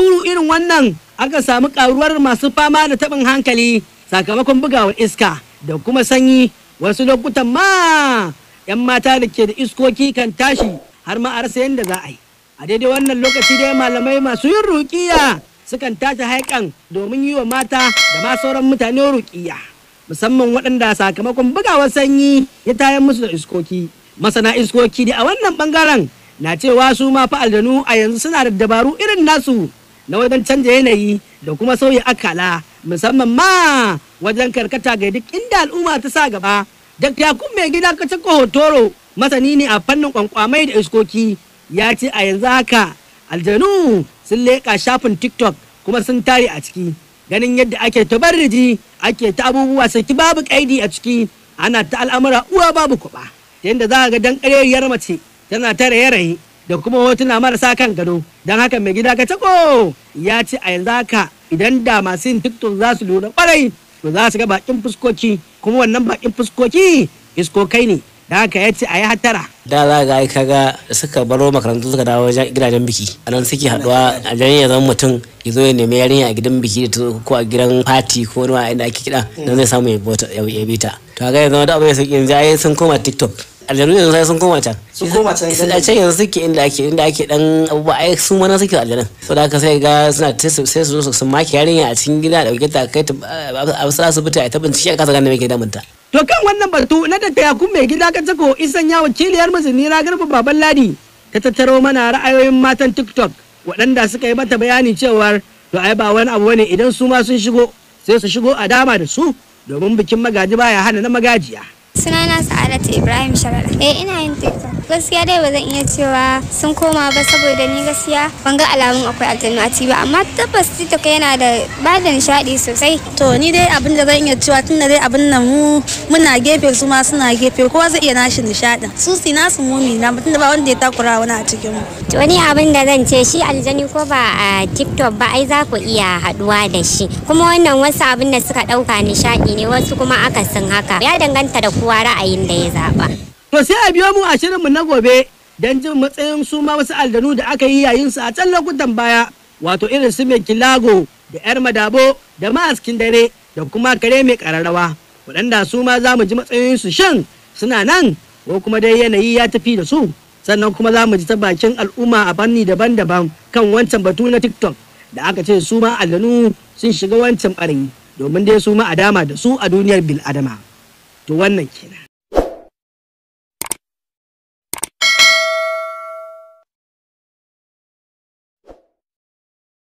duru irin wannan aka samu karuwar masu fama da tabin hankali sakamakon bugawar iska da kuma sanyi wasu lokutan ma 'yan mata da ke da iskoki kan tashi har ma arsa yadda za a yi a daidai wannan lokaci dai malamai masu yin rukiya sukan tashi haikan domin yi wa mata da ma sauran mutane rukiya musamman waɗanda sakamakon bugawar sanyi ya tayar musu da iskoki masana iskoki da a wannan bangaren na cewa su ma fa a yanzu suna da dabaru irin nasu na wajen canja yanayi da kuma sauya akala musamman ma wajen karkata ga duk inda al'umma ta sa gaba dr yakub mai gida kacako hotoro masani ne a fannin kwankwamai da iskoki ya ce a yanzu haka aljanu sun leƙa shafin tiktok kuma sun tare a ciki ganin yadda ake ta barriji ake ta abubuwa saki babu kaidi a ciki ana ta al'amura uwa babu kuɓa yadda za a ga dan ƙareriyar mace tana ta raye-raye da kuma hotuna marasa kan gado don haka mai gida ka cako ya ce a yanzu haka idan da masu yin tiktok za su lura kwarai to za su ga bakin fuskoki kuma wannan bakin fuskoki isko kai ne da haka ya ce a yi hatara. da za ga yi kaga suka baro makarantu suka dawo gidajen biki a nan suke haduwa a jan ya zama mutum ya zo ya nemi yarinya a gidan biki ko a gidan fati ko wani inda ake kiɗa don zai samu ya bi ta to ga ya zama da abu ya sauki yanzu ai sun koma tiktok aljanu yanzu sai sun koma can sun koma can a can yanzu suke inda ake inda ake dan abubuwa ai sun mana suke aljanu. so da ka sai ga suna sai su zo su maki yarinya a cikin gida da ta kai ta asibiti a ta bincike a kasa gane me ke ta. To kan wannan batu na da kun mai gida ka tsako isan ya wakiliyar na garba baban ladi ta tattaro mana ra'ayoyin matan TikTok waɗanda suka yi mata bayani cewar to ai ba wani abu ne idan su ma sun shigo sai su shigo a dama da su domin bikin magaji baya hana na magajiya. sunana sa'adatu ibrahim sharada eh ina yin tiktok gaskiya dai ba zan iya cewa sun koma ba saboda ni gaskiya ban ga alamun akwai aljanu a ba amma tabbas tiktok yana da ba da nishaɗi sosai to ni dai abin da zan iya cewa tunda dai abin nan mu muna gefe su ma suna gefe kowa zai iya nashi nishaɗin su si nasu mumi na tunda ba wanda ya takura wani a cikin mu to ni abin da zan ce shi aljani ko ba a tiktok ba ai za ku iya haɗuwa da shi kuma wannan wasu abin da suka ɗauka nishaɗi ne wasu kuma aka akasin haka ya danganta da kowa kowa ra'ayin da ya zaba. To sai a biyo mu a shirin mu na gobe don jin matsayin su ma wasu aldanu da aka yi yayin su a can lokutan baya wato irin su mai kilago da yar madabo da ma'askin dare da kuma kare mai kararrawa waɗanda su ma za mu ji matsayin su shan suna nan ko kuma dai yanayi ya tafi da su sannan kuma za mu ji ta bakin al'umma a fanni daban-daban kan wancan batu na tiktok da aka ce su ma aldanu sun shiga wancan ɓarayi domin dai su ma a dama da su a duniyar bil'adama. 就玩那几呢。